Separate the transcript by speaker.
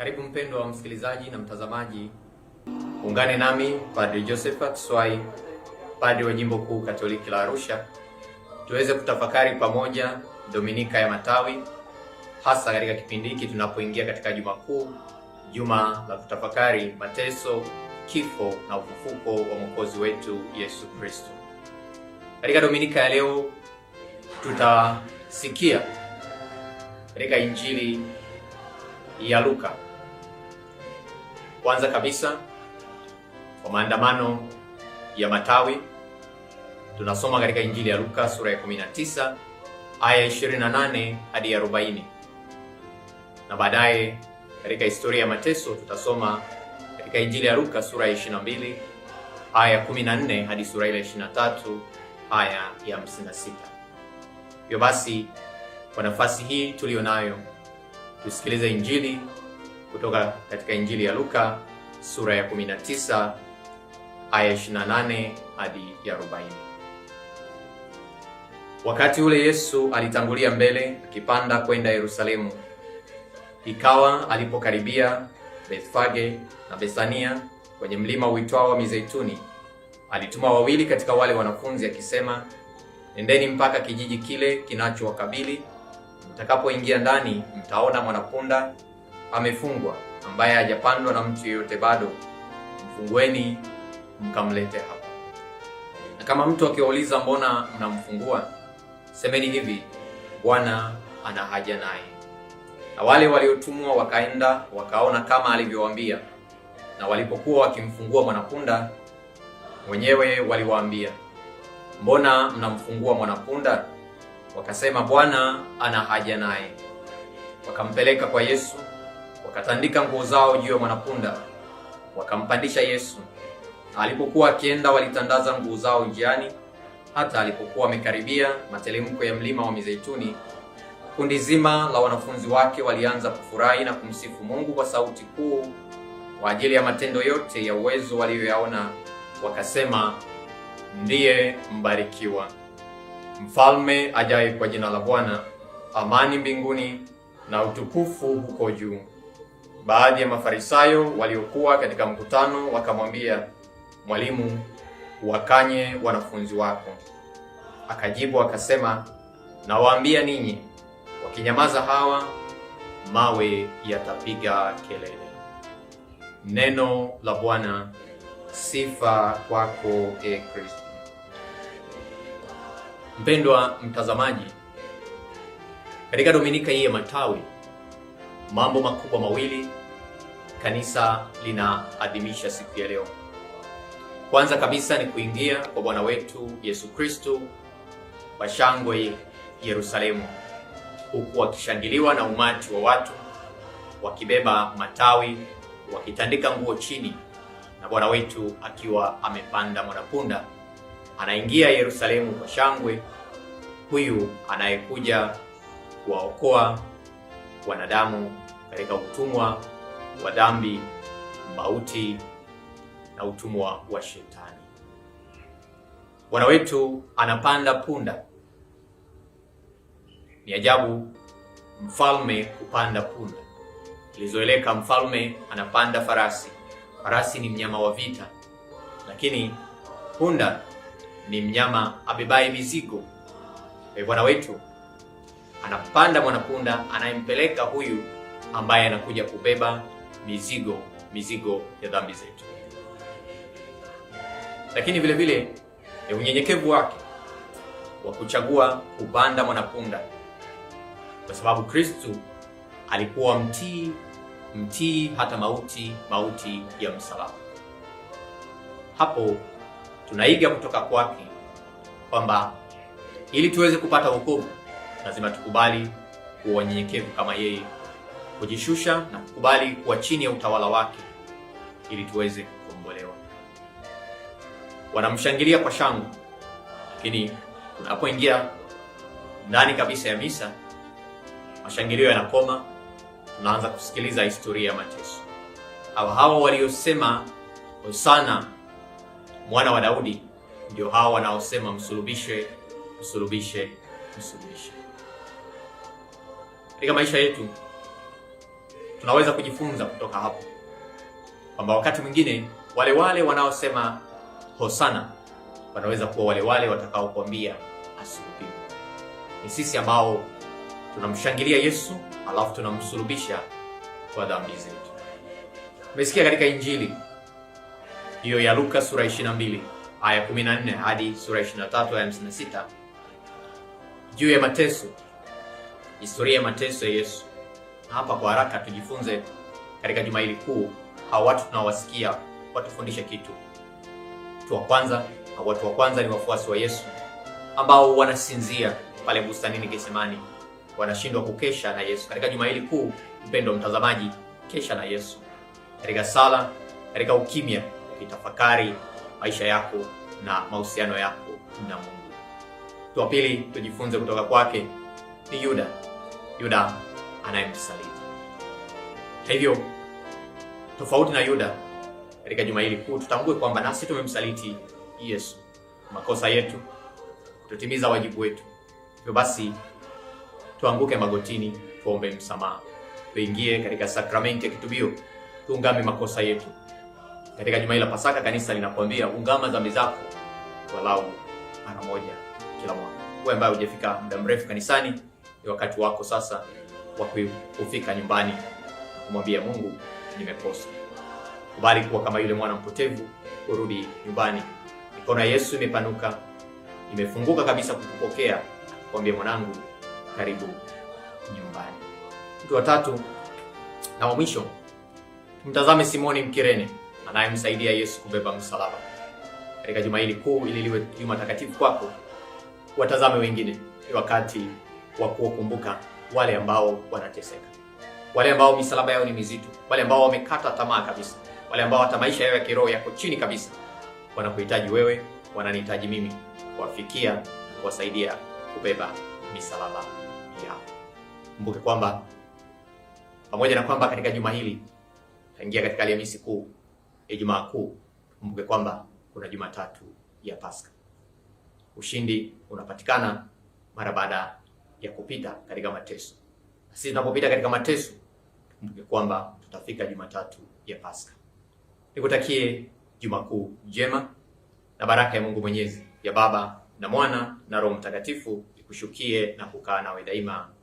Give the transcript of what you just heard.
Speaker 1: Karibu mpendwa wa msikilizaji na mtazamaji, ungane nami padre Josephat Swai, padre wa jimbo kuu Katoliki la Arusha, tuweze kutafakari pamoja Dominika ya Matawi, hasa katika kipindi hiki tunapoingia katika Juma Kuu, juma la kutafakari mateso, kifo na ufufuko wa Mwokozi wetu Yesu Kristo. Katika Dominika ya leo tutasikia katika Injili ya Luka kwanza kabisa kwa maandamano ya matawi tunasoma katika Injili ya Luka sura ya 19 aya 28 hadi 40, na baadaye katika historia ya mateso tutasoma katika Injili ya Luka sura ya 22 aya 14 hadi sura ile 23 aya ya 56. Hivyo basi, kwa nafasi hii tuliyonayo tusikilize Injili kutoka katika Injili ya Luka sura ya 19 aya 28 hadi ya 40. Wakati ule Yesu alitangulia mbele akipanda kwenda Yerusalemu. Ikawa alipokaribia Bethfage na Bethania kwenye mlima uitwao wa Mizeituni, alituma wawili katika wale wanafunzi akisema, Nendeni mpaka kijiji kile kinachowakabili mtakapoingia ndani, mtaona mwanapunda amefungwa, ambaye hajapandwa na mtu yeyote bado, mfungueni mkamlete hapa. Na kama mtu akiwauliza mbona mnamfungua, semeni hivi, Bwana ana haja naye. Na wale waliotumwa wakaenda wakaona kama alivyowaambia, na walipokuwa wakimfungua mwanapunda, wenyewe waliwaambia, mbona mnamfungua mwanapunda? Wakasema, Bwana ana haja naye. Wakampeleka kwa Yesu. Wakatandika nguo zao juu ya mwanapunda, wakampandisha Yesu. Alipokuwa akienda, walitandaza nguo zao njiani. Hata alipokuwa amekaribia matelemko ya mlima wa Mizeituni, kundi zima la wanafunzi wake walianza kufurahi na kumsifu Mungu kwa sauti kuu kwa ajili ya matendo yote ya uwezo waliyoyaona, wakasema, ndiye mbarikiwa mfalme ajaye kwa jina la Bwana. Amani mbinguni na utukufu huko juu. Baadhi ya Mafarisayo waliokuwa katika mkutano wakamwambia, Mwalimu, wakanye wanafunzi wako. Akajibu akasema, nawaambia ninyi, wakinyamaza hawa mawe yatapiga kelele. Neno la Bwana. Sifa kwako e Kristo. Mpendwa mtazamaji, katika dominika hii ya matawi Mambo makubwa mawili kanisa linaadhimisha siku ya leo. Kwanza kabisa ni kuingia kwa Bwana wetu Yesu Kristo kwa shangwe Yerusalemu, huku wakishangiliwa na umati wa watu wakibeba matawi, wakitandika nguo chini, na Bwana wetu akiwa amepanda mwanapunda anaingia Yerusalemu kwa shangwe, huyu anayekuja kuwaokoa wanadamu katika utumwa wa dhambi, mauti na utumwa wa shetani. Bwana wetu anapanda punda. Ni ajabu mfalme kupanda punda. Ilizoeleka mfalme anapanda farasi. Farasi ni mnyama wa vita, lakini punda ni mnyama abebaye mizigo. Ee Bwana wetu anapanda mwanapunda anayempeleka huyu ambaye anakuja kubeba mizigo mizigo ya dhambi zetu. Lakini vile vile ni unyenyekevu wake wa kuchagua kupanda mwanapunda, kwa sababu kristu alikuwa mtii mtii hata mauti, mauti ya msalaba. Hapo tunaiga kutoka kwake kwamba ili tuweze kupata hukumu lazima tukubali kuwa wanyenyekevu kama yeye kujishusha na kukubali kuwa chini ya utawala wake ili tuweze kukombolewa. Wanamshangilia kwa shangwe, lakini unapoingia ndani kabisa ya misa, mashangilio yanakoma. Tunaanza kusikiliza historia ya mateso. Hawa hawa waliosema Hosana mwana wa Daudi ndio hawa wanaosema msulubishe, msulubishe, msulubishe. Katika maisha yetu tunaweza kujifunza kutoka hapo kwamba wakati mwingine wale wale wanaosema hosana wanaweza kuwa wale wale watakaokuambia asubuhi. Ni sisi ambao tunamshangilia Yesu alafu tunamsulubisha kwa dhambi zetu. umesikia katika Injili hiyo ya Luka sura 22 aya 14 hadi sura 23 aya 56 juu ya mateso, historia ya mateso ya Yesu hapa kwa haraka tujifunze katika juma hili kuu, hawa watu tunawasikia watufundishe kitu. watu wa kwanza au watu wa kwanza ni wafuasi wa Yesu ambao wanasinzia pale bustanini Getsemani, wanashindwa kukesha na Yesu katika juma hili kuu. Mpendwa mtazamaji, kesha na Yesu katika sala, katika ukimya, ukitafakari maisha yako na mahusiano yako na Mungu. tu wa pili tujifunze kutoka kwake ni Yuda. Yuda anayemsaliti. Hata hivyo, tofauti na Yuda, katika juma hili kuu tutambue kwamba nasi tumemsaliti Yesu, makosa yetu, kutotimiza wajibu wetu. Hivyo basi tuanguke magotini, tuombe msamaha, tuingie katika sakramenti ya kitubio, tuungame makosa yetu. Katika juma hili la Pasaka, kanisa linakuambia ungama dhambi zako walau mara moja kila mwaka. Wewe ambaye hujafika muda mrefu kanisani, ni wakati wako sasa wa kufika nyumbani na kumwambia Mungu, nimekosa. Kubali kuwa kama yule mwana mpotevu, urudi nyumbani. Mikono ya Yesu imepanuka, imefunguka kabisa kukupokea, kwambie mwanangu, karibu nyumbani. Mtu wa tatu na wa mwisho, mtazame Simoni Mkirene anayemsaidia Yesu kubeba msalaba. Katika juma hili kuu, ili liwe juma takatifu kwako, watazame wengine, ni wakati wa kuwakumbuka wale ambao wanateseka, wale ambao misalaba yao ni mizito, wale ambao wamekata tamaa kabisa, wale ambao hata maisha yao ya kiroho yako chini kabisa. Wanakuhitaji wewe, wananihitaji mimi kuwafikia na kuwasaidia kubeba misalaba yao. Kumbuke kwamba pamoja na kwamba katika juma hili taingia katika Alhamisi Kuu, Ijumaa Kuu, kumbuke kwamba kuna Jumatatu ya Pasaka. Ushindi unapatikana mara baada ya kupita katika mateso. Sisi tunapopita katika mateso, tukumbuke kwamba tutafika Jumatatu ya Pasaka. Nikutakie Juma Kuu njema na baraka ya Mungu Mwenyezi ya Baba na Mwana na Roho Mtakatifu ikushukie na kukaa nawe daima.